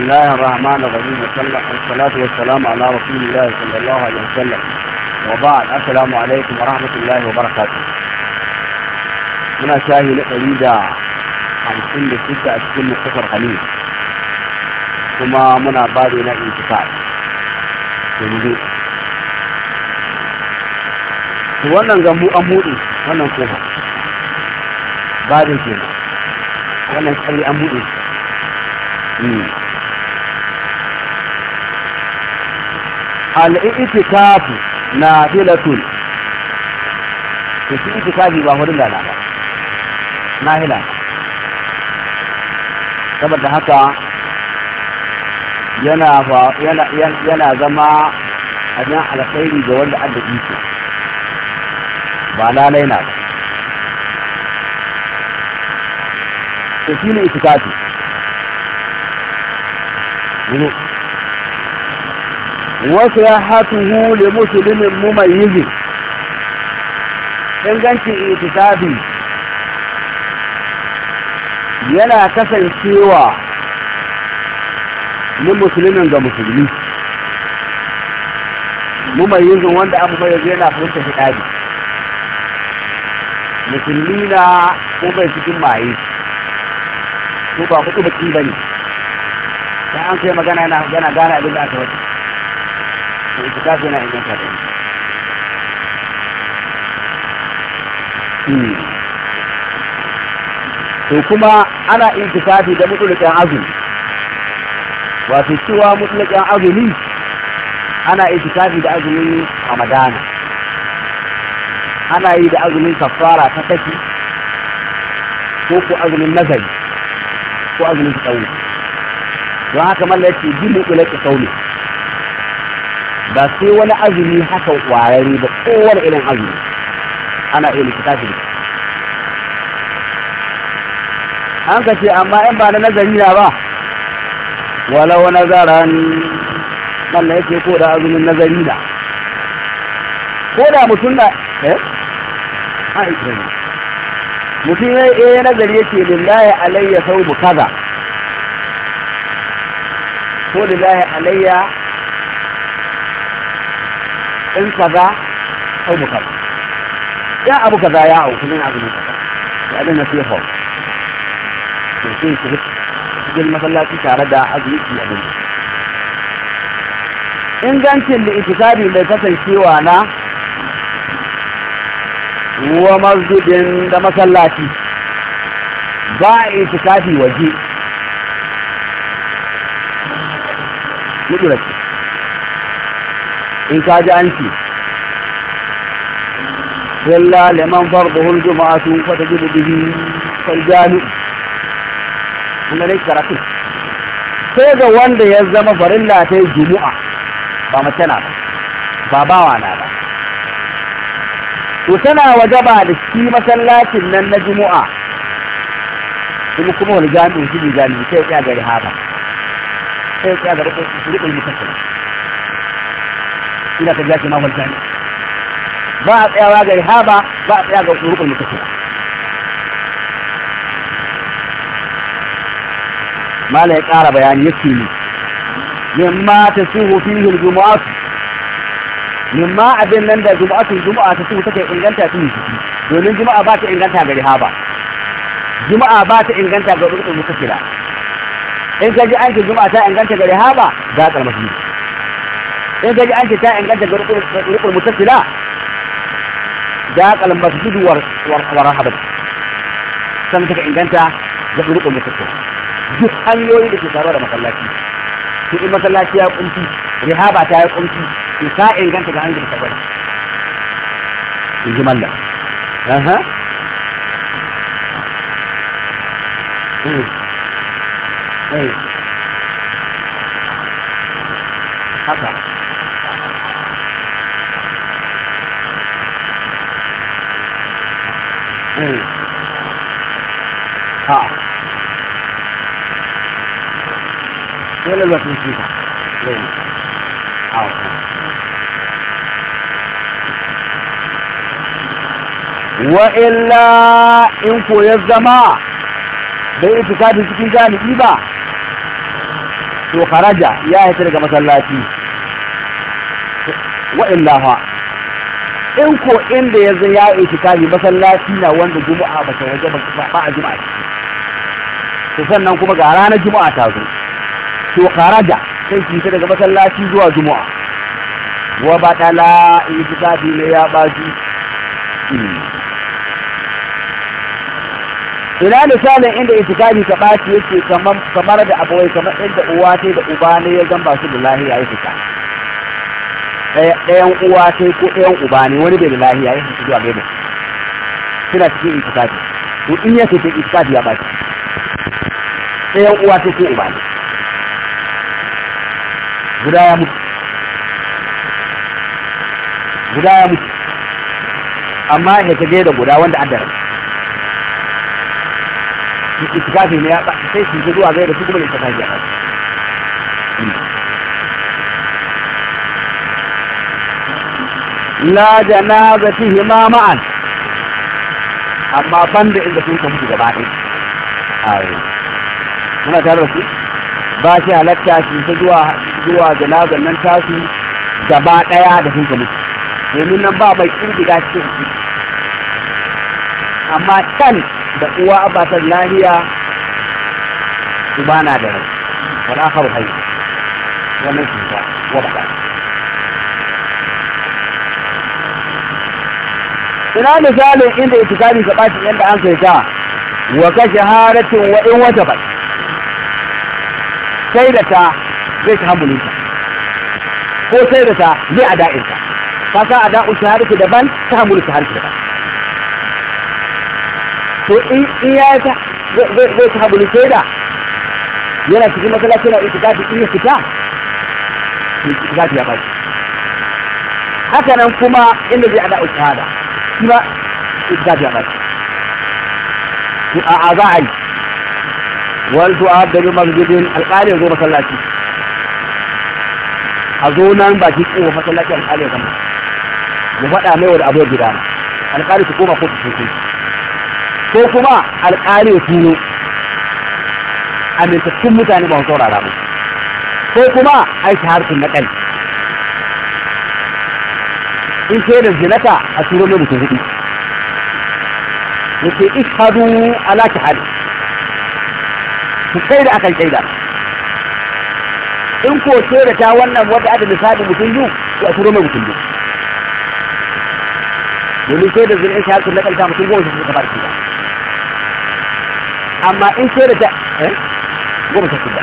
بسم الله الرحمن الرحيم والصلاة والسلام على رسول الله صلى الله عليه وسلم وبعد السلام عليكم ورحمة الله وبركاته هنا شاهي لقريدة عن سن الستة أشكل مختصر خليل ثم منا بادنا انتقال yanzu to wannan gambu an buɗe wannan kofa ba da ke wannan tsari al'itikafu na filatun da su itikafi ba hudun da na ba na hila saboda haka yana zama a abin alkhairi ga wanda an da iko ba lalai na ba da shi ne itikafi Wasu ya وصياحته لمسلم مميز inganci itikafi yana kasancewa ni musulmin ga musulmi mumayyizin wanda abu bai yanzu yana furta hidabi musulmi na ko bai cikin maye ko ba kuɗi baki ba ne ta an kai magana yana gana abin da aka wata itikafi yana inganta da hmm. to kuma ana itikafi da mutulukan azumi wato cewa mutulukan azumi ana itikafi da azumin ramadana ana yi da azumin kafara ta kashi ko ko azumin nazari ko azumin tsawo don haka mallaki bi mutulukan tsauni ba sai wani azumi haka ƙwararre ba kowane irin azumi ana iya shi da an ka ce amma in ba na nazari na ba walau nazaran na yake ko da azumin nazari na ko da mutum na eh a ikirani eh, eh. mutum ya yi nazari yake lillahi alayya sau kaza ko lillahi alayya in kaza au mu kaza ya abu kaza ya au kuma abu ne kaza Ya abin na sai hau to sai su cikin masallaci tare da azumi abin ingancin da itikafi mai kasancewa na wa masjidin da masallaci ba a itikafi waje mutu إن كاد أنسي فلا لمن ضربه الجمعة فتجب به فالجان هنا ليس كراكي سيدا وان دي يزم فرلا تي جمعة باما تنا با بابا وانا با وسنا وجبا لسكي مسلاة نن جمعة كم كمون جانب وكيدي جانب كيف يا غير هذا كيف يا غير هذا كيف يا غير هذا ina ka biya shi ma wani ba a tsayawa ga rihaba ba a tsaya ga rukun mutakila mala ya ƙara bayani ya ce ne mimma ta suhu fihi jumu'atu mimma abin nan da jumu'atu jumu'a ta suhu take inganta su ciki domin jumu'a ba ta inganta ga rihaba jumu'a ba ta inganta ga rukun mutakila in ka ji an ce jumu'a ta inganta ga rihaba za a kalmasi in gaji an ce ta inganta ga rukun mutasila da kalan masjidu war rahabat sannan ta inganta ga rukun mutasila duk hanyoyi da ke taruwa da masallaci to in masallaci ya kunci rihaba ta ya kunci in ta inganta ga hanyar ta gwada in ji Malla. aha hmm. Hmm. haka wala ba kun kika zai in ko ya zama bai itikafi cikin jami'i ba to kharaja ya haita daga masallaci wa illa in ko inda ya zai ya itikafi masallaci na wanda juma'a ba ta waje ba a juma'a to sannan kuma ga ranar juma'a ta to kharaja sai ki fita daga masallaci zuwa juma'a wa batala itikafi ne ya baci ina misalin inda itikafi ka baci yake kamar kamar da abawai kamar inda uwa ta da uba ne ya zamba su da lahiya ya fita ɗayan uwa ta ko ɗayan uba ne wani bai da lahiya ya fita zuwa gaida suna cikin itikafi to in ya fita itikafi ya baci ɗayan uwa ta ko uba ne غلام غلام اما يا تجي غدا وند ادر اتكافي ما سي سي جوا غير سي كوبل اتكافي لا جنازته ما معا اما فند اذا كنت في جباك اه هنا تعرف باشي على التاشي zuwa janazan nan tasu gaba ɗaya da sun ka domin nan ba mai kirgiga cikin su amma can da uwa abatar lahiya su bana da rai wani akar hai wannan su ba wadda ina misalin inda itikari ka ɓaci yadda an kai ta wa kashe haratin wa'in wata bai sai da ta zai ta hamulin ta ko sai da ta zai a da'in ta ka sa a da'un harfi daban ta hamulin harfi daban to in ya ta zai ta hamulin da yana cikin masallaci in fita in ya fita itikafi ya fashi haka nan kuma inda zai a da'un da shi ma itikafi ya fashi a za a yi wani du'a da bi masjidin alƙalin ya zo masallaci a zo nan baki kowa masallacin alƙali ya zama mu faɗa mai wani abu ya gida alƙali su koma kotu sosai ko kuma alƙali ya turo amintattun mutane ba su saurara ba ko kuma a yi shaharkun na ƙani in ce da zinata a turo mai mutum hudu da ke ishadu ala shahadu su kai da akan kai da in ko da ta wannan wadda aka misali mutum biyu to a turo mai mutum biyu domin sai da zuri'in shahar sun nakalta mutum goma shi suka bar shida amma in sai da ta eh? goma sha shida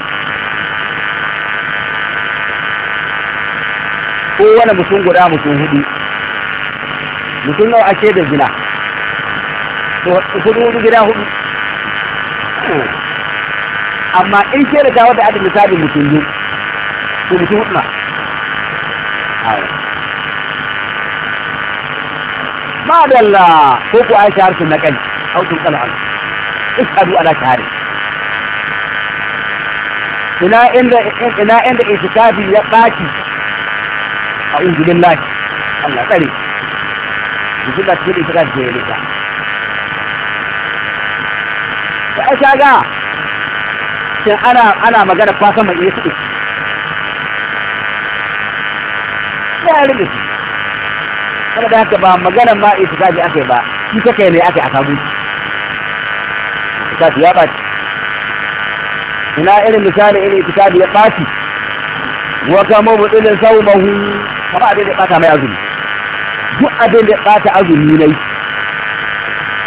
ko wani mutum guda mutum hudu mutum nawa ake da zina to hudu gida hudu amma in shaida ta wata adadin misalin mutum biyu ثلثي مطلق أيوة. ما دلا فوق أي شهادة النقل أو تنقل عنه اشهدوا على شهادة ina inda ina inda itikafi ya baki a injilin laki Allah tsare mutum da cikin itikafi ke yi ta da aka ga shin ana ana magana kwasan mai iya suke ya rage shi saboda haka ba maganar ma ita kaji aka yi ba shi ta kai ne aka yi a kabu itikafi ya ɓaci ina irin misali irin itikafi ya ɓaci wa kama mutumin saumahu kama abin da ɓata mai azumi duk abin da ɓata azumi ne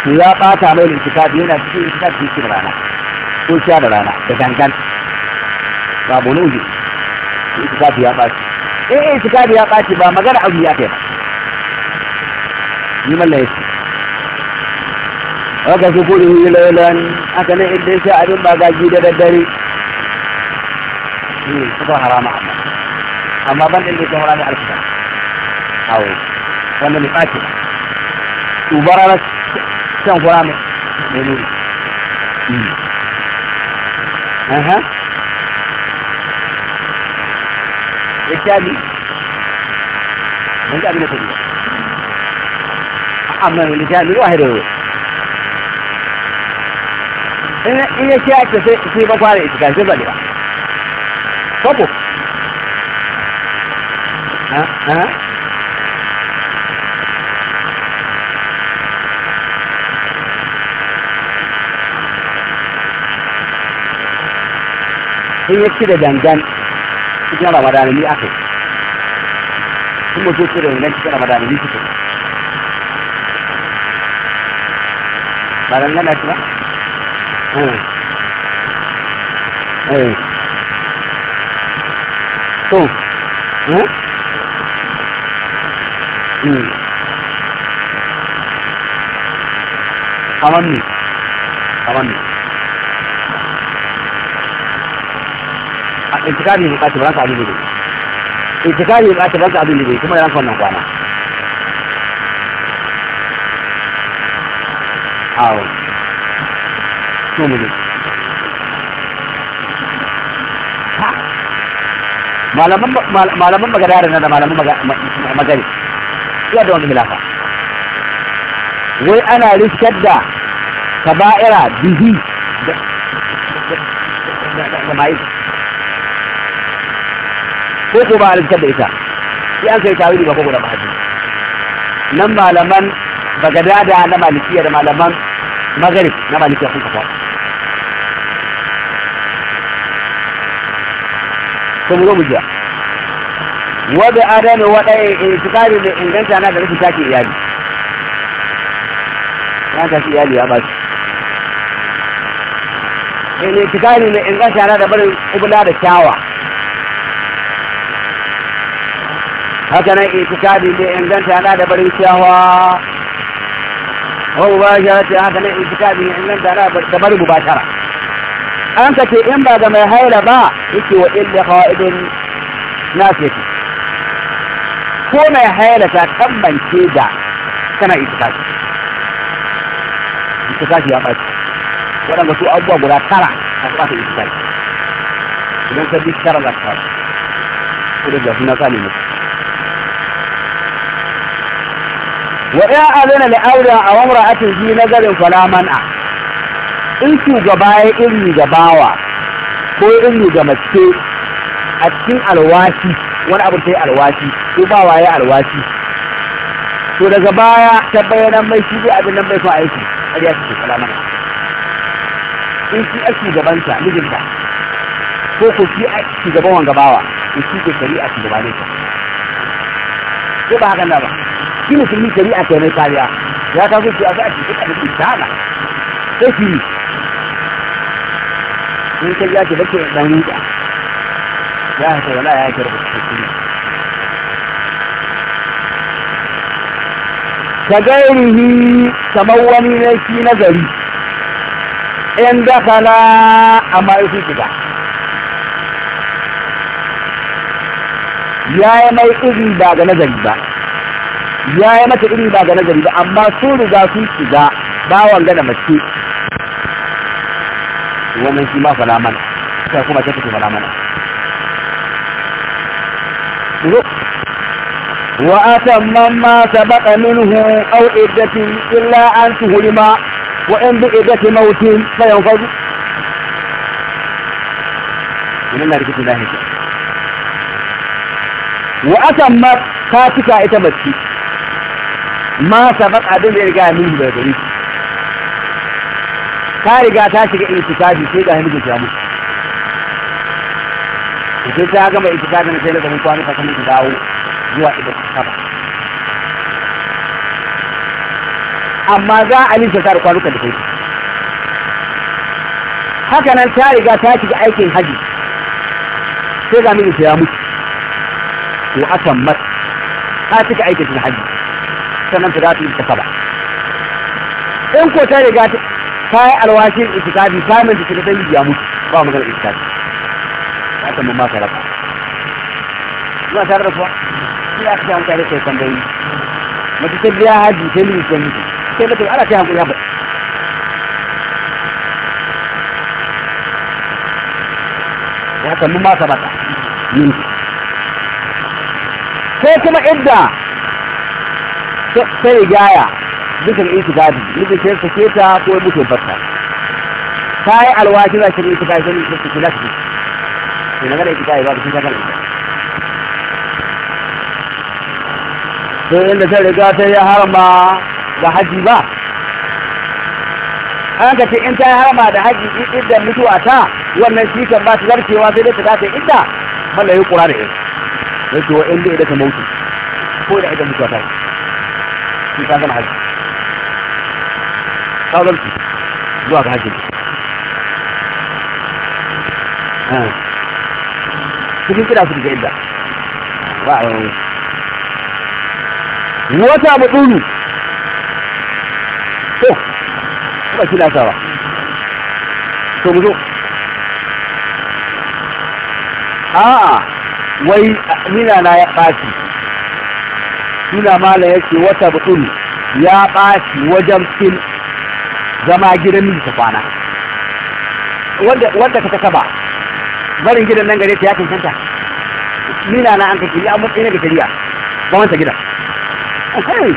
to ya ɓata mai itikafi yana cikin itikafi cikin rana ko sha da rana da gangan babu nuji itikafi ya ɓaci eh itikadi eh, ya ɓaci ba magana abu ya kai ni mallan yake waka su kudu lailan aka nan idan sha abin ba gida da daddare ne eh, suka harama amma amma ban inda da ke harama alfuta awo wanda ba ɓaci ubara na ne kura mai nuni ya kyali ban ji abin da ta biya amma da kyali a ya dawo in ya kyali ta sai ba fara itika sai ba da koko in ya ci da dangan cikin ramadana ni aka yi sun ce da cikin ni ba nan gana ba? Eh. Eh. itikafi bukatar ranka abin da itikafi abin bai kuma ranka wannan kwana awo so mu malaman magadara na da malaman magari iya da wani hilafa wai ana riskar da kaba'ira bihi da ma'aikata sai ko ba halittar da ita sai an kai tawili ba ko guda ba nan malaman bagadada na malikiya da malaman magarib na malikiya sun kafa sun zo mu jiya wadda adana waɗai intikari da inganta na da rashin take iyali ya tashi iyali ya ba su intikari da inganta na da barin ubula da kyawa هكذا اعتقادي بان انت انا دبرين شاوى هو جاتي هكذا اعتقادي ان انت انا دبرين مباشرة انت تي ان بعد ما هيلا با اكي وإلا قائد ناسك كون هيلا تكم من كيدا كما اعتقادي اعتقادي يا بات وانا قصو ابوا بلا ترى اصلاح اعتقادي انت دي ترى لك ترى ولا جاتي نتالي مكتب wa ya azana da aure a wamra na garin nazarin A. in shugaba ya iri ga bawa ko iri ga mace a cikin alwashi wani abu ta yi alwashi ko bawa ya alwashi to daga baya ta bayyana mai shi abin nan bai so aiki ƙarya ce mana. in shi a shugabanta mijinta ko ku shi a shugaban gabawa, in shi ke shari'a shugabane ta ko ba haka na ba shi musulmi shari'a kai mai kariya ya ta zuci a za a cikin ƙarfi tana sai shi in ka ya ce da ɗan rinka ya haka wala ya kira ba su kuma ka gairihi kamar wani na shi nazari in dakala amma ya fi shiga ya yi mai izini ba ga nazari ba ya yi mata iri ba ga nazari ba amma sun riga sun shiga bawan gana mace wannan shi ma fala mana ta kuma ta fito fala mana wa mamma ma sabaqa minhu aw iddatin illa an tuhlima wa in bi iddati mautin fa yanfadu inna la rikita lahi wa ma ka tuka ita mace ما سبق عدم يرجع منه بدري كارجع تاشي كي يتكاد يصير هم يجيبون يصير تاعهم يتكاد من سيره من قارن فكان يجاو جوا إبرة كذا أما ذا أني سأر قارن كذا هكذا كارجع تاشي كي أيكين هدي سيره من يجيبون وأتمت هاتك أيكين هدي ita nan ta za ta yi ta in ko ta riga ta yi alwashin itikafi ta manta ta ta ya mutu ba magana itikafi ta ta mamma ta raba zuwa ta raba kuwa sai aka samu tare sai kan bayi mace ta biya haji sai mini ta mutu sai mace ana ta hankali haɓar ya kan mamma ta bata ko kuma idda Sai gaya dukkan itikafi mijin ke sake ta ko ya mutu barka ta yi alwashi za ki yi itikafi sai shi sake za ki ce na gada itikafi ba ki ta kana sai inda sai riga ta ya harama da haji ba an ka ce in ta yi harama da haji idan mutuwa ta wannan shi kan ba ta zarcewa sai dai ta ta inda malla yi kura da yin sai to in da ta mutu ko da ita mutuwa ta yi shi ka gama haji ka gama zuwa ga haji cikin kira su daga idda ba a yawon wata matsulu to ba kila sa ba to mu zo a'a wai nina na ya ɓaci suna mala yake wata butun ya ɓaci wajen fil zama gidan miji ta kwana wanda ka kasa ba barin gidan nan gare ta ya kankanta nina na an kakiri an matsayi da shari'a ba wanta gidan okay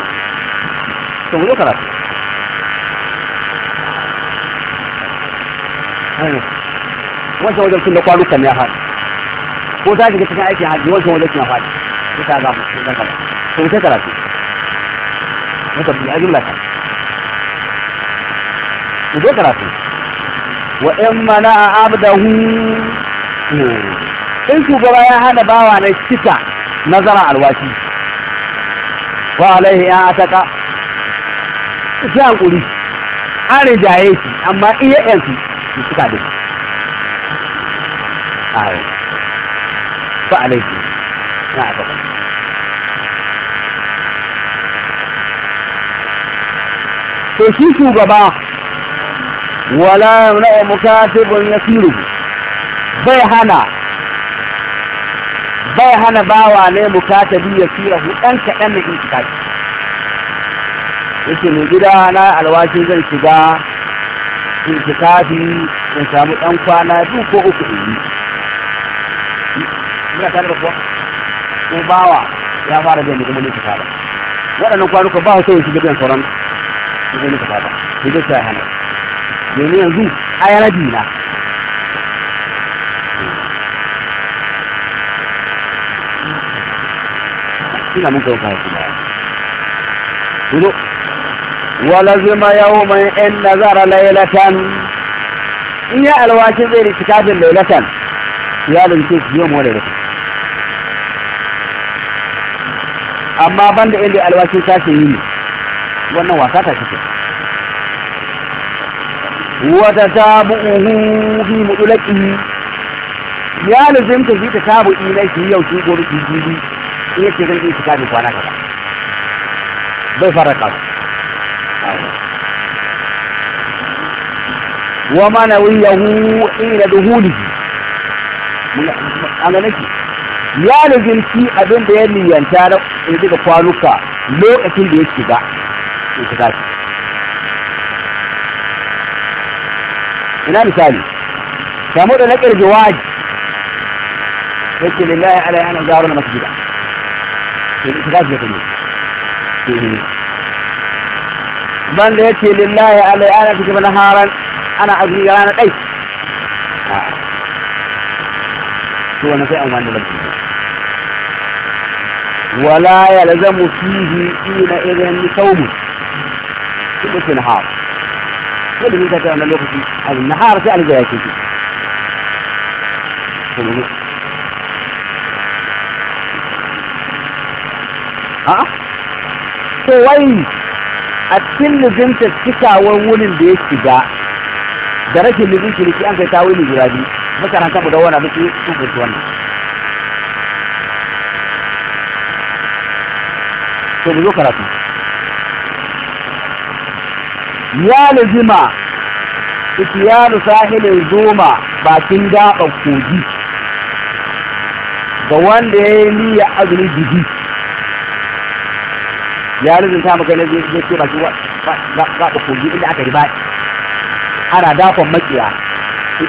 to mu karatu wancan wajen tun da kwanukan ya faɗi ko za ta shiga cikin aikin hajji wancan wajen ya faɗi ita za mu shiga gaba sai ta karatu muka bi a jumla ta karatu wa in mana a abdahu in shugaba ya hana bawa na cika nazara alwaki. wa alaihi ya ataka sai hankuri an rijaye shi amma iya yansu su suka da shi a yau ba alaihi na ataka to shi shugaba wala yamna'u mukatibun yasiru bai hana bai hana bawa ne mukatabi yasiru dan kadan ne in kaci yake mai gida na alwashi zan shiga in kafi in samu dan kwana biyu ko uku in yi muna tare da kuwa ko bawa ya fara da ne kuma ne kafa waɗannan kwanuka ba su shiga gidan sauran zai fata hana domin yanzu a yi rabi na ina mun kawo kawo kuma kudu walazima yawo mai yan nazara in ya alwashin zai rikita kafin lailatan ya lalce su yi mawa lailatan amma banda inda alwashin tashin yi ne wannan wasa ta kike wata tabu'uhu fi mutulaki ya lazimta shi ta tabu'i na shi yau shi gobe shi jibi in yace zan yi kitabi kwana kaba bai fara kasu wa mana hudu ila duhulihi an ga nake ya lazimci abin da ya niyanta na daga kwanuka lokacin da ya shiga من صفاته هنا مثال فمر لك الجواج فكر لله على ان دارنا مسجدا في الاتفاق يقول من ليك لله على ان كتب نهارا انا عزيز انا قيس هو نساء ما نبغي ولا يلزم فيه حينئذ صومه su na har sai da ta wannan lokaci a na sai alga ya ke ki a to wai a cikin lizinta cikawar wurin da ya shiga da rashin lizin shi an kai ta wuni guda biyu makaranta mu da wani muke sun fahimci wannan to mu zo karatu ya lazima itiyanu sahilin zoma bakin gaɓar kogi ga wanda ya yi niyya azumi jiki ya lazim ta maka zai ya ce bakin gaɓar kogi inda aka riba ana dafon makiya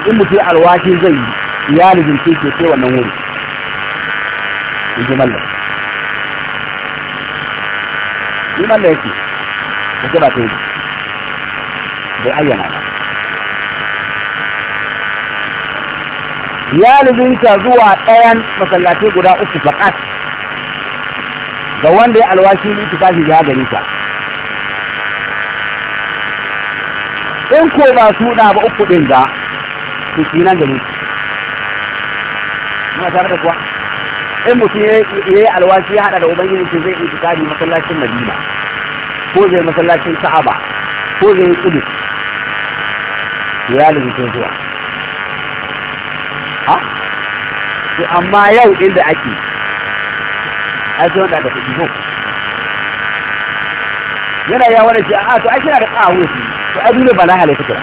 in mutum alwashi zai yi ya lazim ce ke ce wannan wuri in ji mallam in mallam ya ce ba ta yi bai ayyana ba ya lizinta zuwa ɗayan masallaci guda uku fakat ga wanda ya alwashi littafi ya gari ta in ko ba suna ba uku ɗin ga su fi nan gari muna ta da kuwa in mutum ya yi alwashi ya haɗa da ubangiji zai iya tsari masallacin madina ko zai masallacin sa'aba ko zai yi kudus ya lalace zuwa ha to amma yau inda ake ai wanda aka fi ko yana ya wani shi a to ai na da kawo shi to a dole ba na halaye kira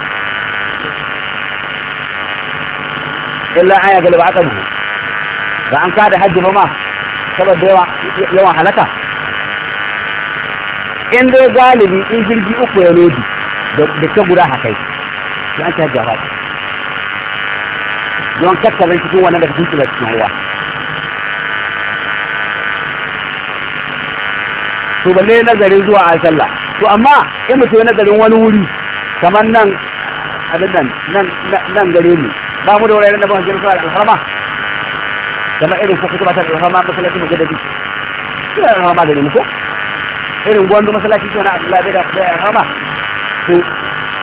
illa an ya galaba aka buhu ba an kada hajji ba ma saboda yawan halaka in dai galibi in jirgi uku ya lodi da ta guda haka yi sai an a jawa don kakkarin cikin wannan daga cikin cikin ruwa to balle nazarin zuwa a sallah to amma in mutum nazarin wani wuri kamar nan abin nan nan gare mu ba mu da wuraren da ba su da alharma kamar irin su kuma ta alharma masallacin mujaddadi suna alharma gare mu ko irin gwandu masallaci suna abdullahi da alharma to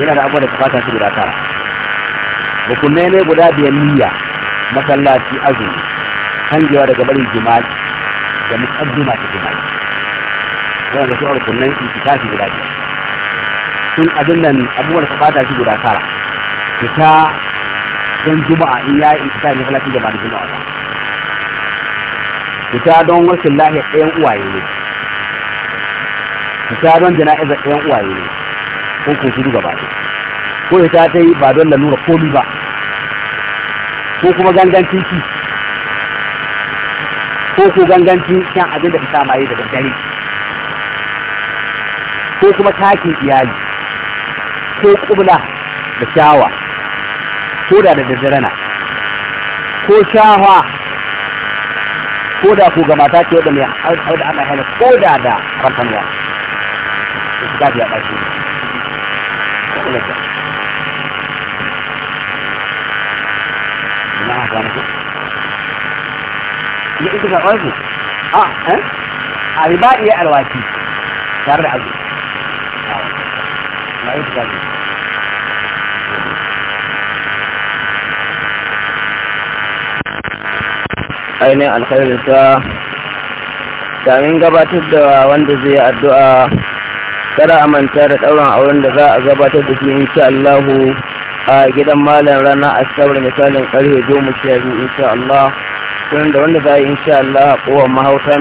yana da abubuwan da fata su guda tara hukumai ne guda biyar niyya masallaci azumi hangewa daga barin jima'i da mukaddima ta jima'i da su hukumai su fita su guda biyar sun abin nan abubuwan da fata su guda tara fita don juma'a in ya yi fita ne masallaci da ba da juma'a fita don wasu lahiyar ɗayan uwaye ne fita don jana'izar ɗayan uwaye ne ko ko su duka ba ko ya ta ta yi ba don lalura komi ba ko kuma gangancin ki ko ko gangancin shan abin da ta sama yi da dare, ko kuma takin iyali ko kubla da shawa ko da da daddare na ko shawa ko da ko ga mata ce wadda mai da aka hana ko da da rantanwa su gaji a ɓace ولد معه غرضه ya ita ga ƙwarfi a ɗan alba iya alwaki tare da azu na ita gaji ainihin alkhairinsa domin gabatar da wanda zai addu'a kada a manta da ɗaurin auren da za a gabatar da shi insha a gidan malam rana asabar misalin karfe goma sha biyu insha Allah da wanda za a yi insha Allah a mahauta